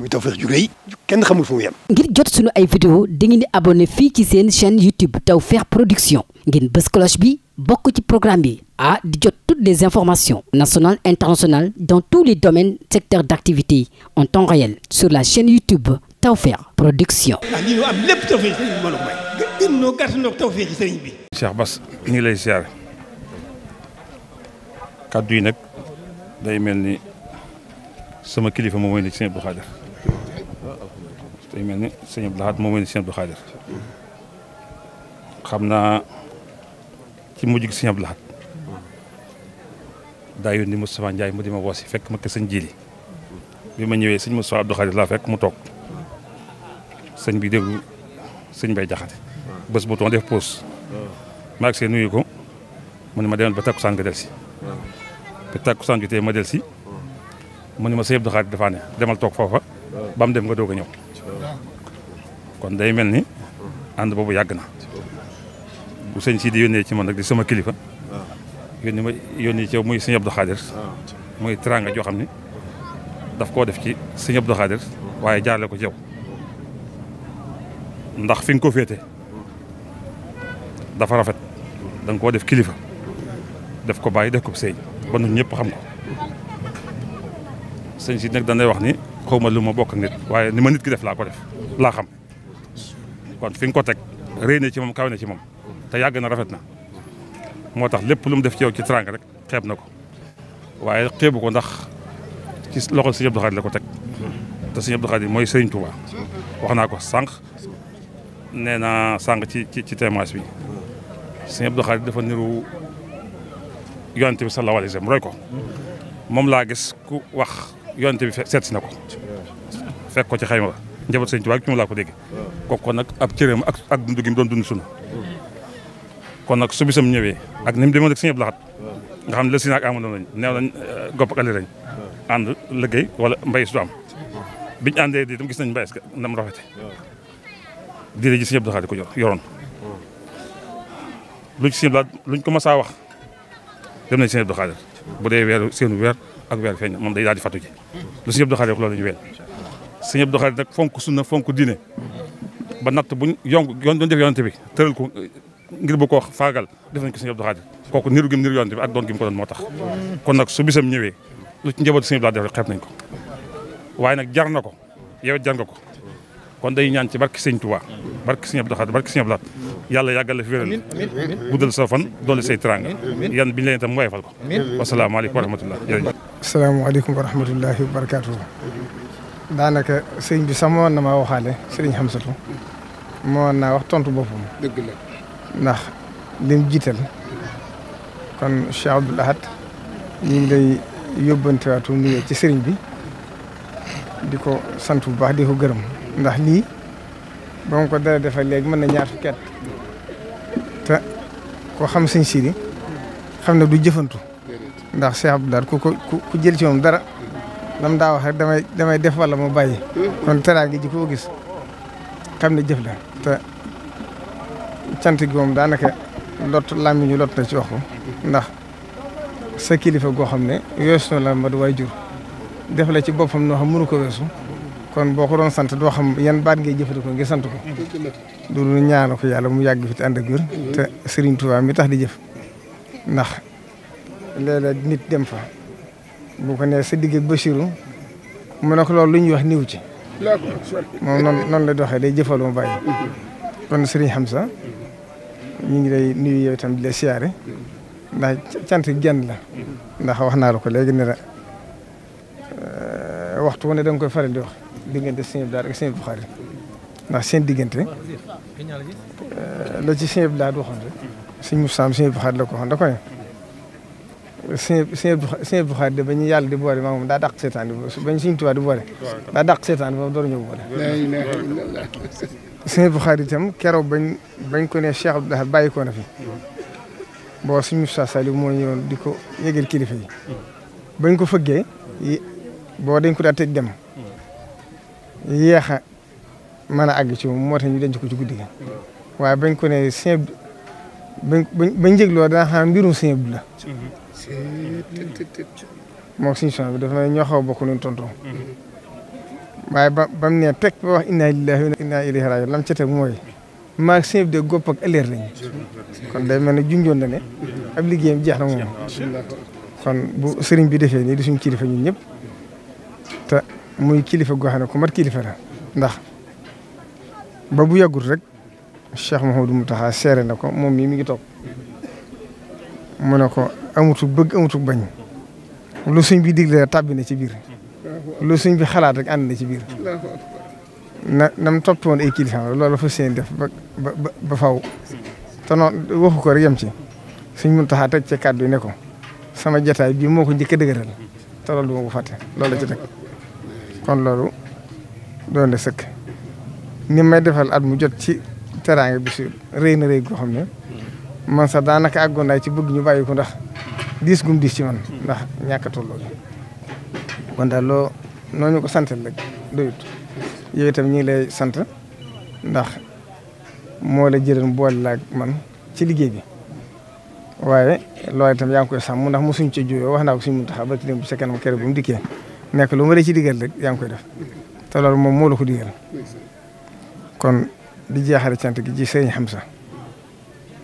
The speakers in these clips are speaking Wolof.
muy Tawfekh ju rëy kenn xamul fu mu yem. ngir jot sunu ay vidéo dangeen di abonné fii ci seen chaîne YouTube Tawfekh Production ngeen bës cloche bi bokk ci programme bi ah di jot toutes les informations nationales internationales dans tous les domaines secteurs d'activité en temps réel sur la chaîne YouTube Tawfekh Production. ah lii ñu am lépp Tawfekh sëriñ bi mbooloo bi. Cheikh Bass ñu lay ziar kaddu yi nag day mel ni sama kilifa moom mooy ni Sëriñ Abdou Khadre tey mel ni sëñ Abdou Lahad moo mel ni sëñ Abdou Khadir xam naa ci mujj gi sëñ Abdou Lahad daa yónni Moustapha Ndiaye mu di ma woosi fekk ma ko sëñ Jili bi ma ñëwee sëñ Moustapha Abdou Khadir laa fekk mu toog sëñ bi déglu sëñ Bay Jaxate bés bu toon def pause maag see nuyu ko mu ne ma demal ba takkusaan nga del si ba takkusaan te ma del si mu ne ma sëñ Abdou Khadir dafa ne demal toog foofa ba mu dem nga doog a ñëw kon day mel ni ànd boobu yàgg na bu sëñ si di yónnee ci man nag di sama kilifa yónni ma yónni ci muy sëñ Abdou Khadir muy teraanga joo xam ni daf koo def ci sëñ Abdou Khadir waaye jaarale ko ci ndax fi nga ko féete dafa rafet da nga koo def kilifa def ko bàyyi def ko sëñ ba ñun ñëpp xam ko sëñ si nag dañ wax ni xaw ma lu ma bokk nit waaye ni ma ki def laa ko def laa xam kon fi nga ko teg rëy ci moom kaw na ci moom te yàgg na rafet na moo tax lépp lu mu def ci yow ci teraanga rek xeeb na ko waaye xeebu ko ndax ci loxo sëñ Abdou Khadre la ko teg te sëñ Abdou Khadre mooy Sëriñ Touba wax naa ko sànq nee naa sànq ci ci ci témoignage bi sëñ Abdou Khadre dafa niru yonent bi sallallahu alayhi wa roy ko moom laa gis ku wax yonte bi seet si na ko fekk ko ci xayma ba njaboot sëñ Tuubaa ci mu ko dégg kooku nag ab cëréem ak ak dund gi mu doon dund sunu kon nag su bisam ñëwee ak ni mu demoon ak sëñ Abdu nga xam ne la si nag amoon lañ neew nañ eh, gopp ak ali ànd liggéey wala mbay su am biñu àndee di tam gis nañ mbay est-ce que nam rafete diire ji sëñ Abdu Lahat di ko yoroon lu ci sëñ luñ ko mas wax dem nañ sëñ Abdu Lahat bu dee weeru seenu weer ak weer feeñ moom day daal di fatu ji lu si yëpp doxalee loolu la ñu ween si yëpp doxalee nag fonk sunna fonk diine ba natt buñ yong yoon doon def yonante bi tëral ko eh, ngir bu ko faagal def nañ ko si yëpp doxalee kooku niru gim niru yonante bi ak doon gim ko doon moo tax kon nag su bisam ñëwee lu ci njaboot si yëpp laa def nañ ko waaye nag jar na ko yow jar ko kon day ñaan ci barke sëñ Tuubaa barke sëñ Abdou Khadre barke sëñ Abdou Lahad yàlla la fi wéral guddal sa fan doole say teraanga bi ñu leen itam wayfal ko wasalaamaaleykum wa rahmatullah salaamaaleykum wa rahmatullahi wa barakaatu. daanaka sëñ bi sax moon na maa waxaale sëriñ Xamsatu moon naa wax tontu boppam. dëgg la ndax lim jiital kon Cheikh Abdoul Ahad ñu ngi lay yóbbantewaatu nuyoo ci sëriñ bi di ko sant bu baax di ko gërëm ndax lii ba mu ko dara defal léegi mën na ñaar fukki te ko xam sëñ Sidi xam ne du jëfantu. ndax Cheikh Abdou Lahad ku ko ku jël ci moom dara lam daa wax rek damay def wala mu bàyyi kon teraanga ji koo gis xam ne jëf la te cant gi moom daanaka lot làmmi ñu lot na ci wax ko ndax sa kilifa goo xam ne weesu na la ma du waay jur def la ci boppam noo xam mënu ko weesu kon boo ko doon sant doo xam yan baat ngay jëfandikoo ngir sant ko loolu ñaana ko yàlla mu yàgg fi te ànd ak wér te Serigne Touba mi tax di jëf ndax léeg-léeg nit dem fa bu ko nee sa digg ak Bachirou mu ne ko loolu lu ñuy wax niw ci moom noonu noonu la doxee day jëfal mu bàyyi kon Serigne Hamza ñu ngi lay nuyu yow itam di la siyaare ndax la ndaxa wax naa la ko léegi ne la euh, waxtu wu ne da koy faral di wax diggante Serigne Abdou Lahad ak Serigne Abdou seen diggante euh, la ci Serigne Abdou Lahad waxoon rek Serigne Moussa Serigne Abdou Khadre la ko waxoon koy sëñ sëñ sëñ Buxaari de ba ñu yàlla di boole maa moom daa dàq seetaan bi ba ñu Sëñ Tuubaa di boole daa dàq seetaan bi moom door ñu boole sëñ Buxaari itam keroog bañ bañ ko ne Cheikh Abdoulaye bàyyi ko na fi boo suñu Moussa Saliou moo ñëwoon di ko yëgal kilifa yi bañ ko fëggee boo dañ ko daa tëj dem yéex a mën a àgg ci moom moo tax ñu denc ko ci guddi gi waaye bañ ko ne sëñ bañ bañ moom suñu son bi daf na ñoo xaw a bokk luñ tontu. ba ba mu ne teg ba wax inna lillahi inna ilayhi lam ca mooy maag sëñ de gopp ak ëllëg lañu kon day mel ne junjoon na ne ab liggéeyam jeex na moom kon bu sëriñ bi defee nii di suñ kilifa ñun ñëpp te muy kilifa goo xam ne ku mat kilifa la ndax ba bu yàggut rek Cheikh Mouhamadou Mountakha seere na ko moom mii mi ngi toog mu ne ko amutu bëgg amutu bañ lu suñ bi digle tàbbi na ci biir lu sëñ bi xalaat rek ànd na ci biir na na mu topp woon ay kilifa loolu fa seen def ba ba faw te noonu waxu ko rek yem ci suñ mun taxaa ci ca kàddu yi ne ko sama jataay bii moo ko njëkk a dëgëral te loolu du ma ko loolu la ci teg kon loolu doon de sëkk ni may defal at mu jot ci teraanga bi su rëy na rëy goo xam ne man sax daanaka àggoon naa ci bëgg ñu bàyyi ko ndax dis gum diis ci man ndax ñàkk tolloo kon daal loo noo ñu ko sant rek doyut yow itam ñu ngi lay sant ndax moo la jëloon boole laag man ci liggéey bi waaye loo itam yaa ngi koy sàmm ndax mosuñ ci juyoo wax naa ko suñu muntaxaa ba tey bu sa kanam kër bu mu dikkee nekk lu ma la ci digal rek yaa ngi koy def te loolu moom moo la ko digal kon di jeexale cant gi ci sëriñ Hamza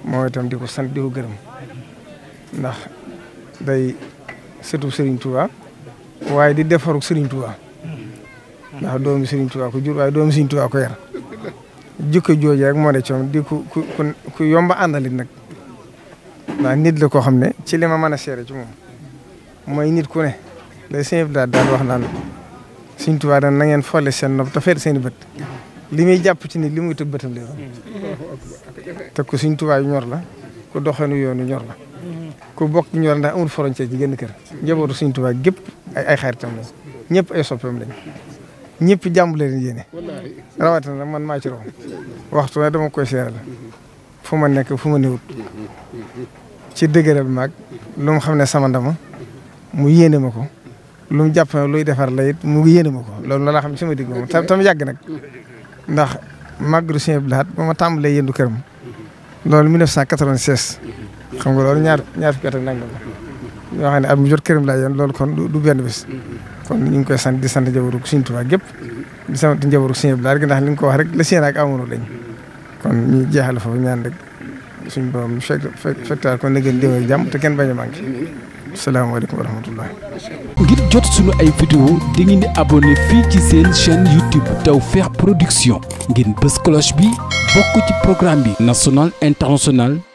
moo itam di ko sant di ko gërëm ndax day sëtu Serigne Touba waaye di defaru Serigne Touba ndax doomu Serigne Touba ko jur waaye doom Serigne Touba ko yar jikko jooju rek moo ne coom di ku ku yomba àndalit nag ndax nit le koo xam ne ci lima ma mën a seere ci moom mooy nit ku ne day sëñ daal daal wax naan Serigne Touba daal na ngeen folle seen nopp te feet seen i bët li muy jàpp ci ni li muy tëb bëtam lay doon te ku suñ tubaab yi ñor la ku doxanu yoonu ñor la ku bokk ñor ndax amul frontière ci génn kër njabootu suñ tubaab gépp ay ay xaritam lañ ñëpp ay soppeem lañ ñëpp jàmm leen yéene rawatina man maa ci raw waxtu na dama koy seeral fu ma nekk fu ma newut ci dëgëral maag lu mu xam ne sama ndama mu yéene ma ko lu mu jàpp luy defar la mu yéene ma ko loolu la xam ne sama digg moom tam yàgg nag ndax Magalu Sëñ Abdou Lahad ba ma tàmbalee yëndu këram loolu 1996 xam nga loolu ñaar ñaar fukki at ak nangam la yoo xam ne at mu jot këram laa yen lool kon du benn bés kon ñu ngi koy sant di sant njaboru Sëñ waa gépp di sant njaboru Sëñ Abdou Lahad ndax li nga ko wax rek la seen ak amono lañ kon ñu jeexal foofu ñaan rek suñu borom fekk fekk fekk ko nag déwén ak jàmm te kenn bañ a manqué. salaamaaleykum wa ngir jot suñu ay vidéo di ngeen di abonné fii ci seen chaîne YouTube Tawfekh Production. ngeen bës cloche bi bokk ci programme bi. national international.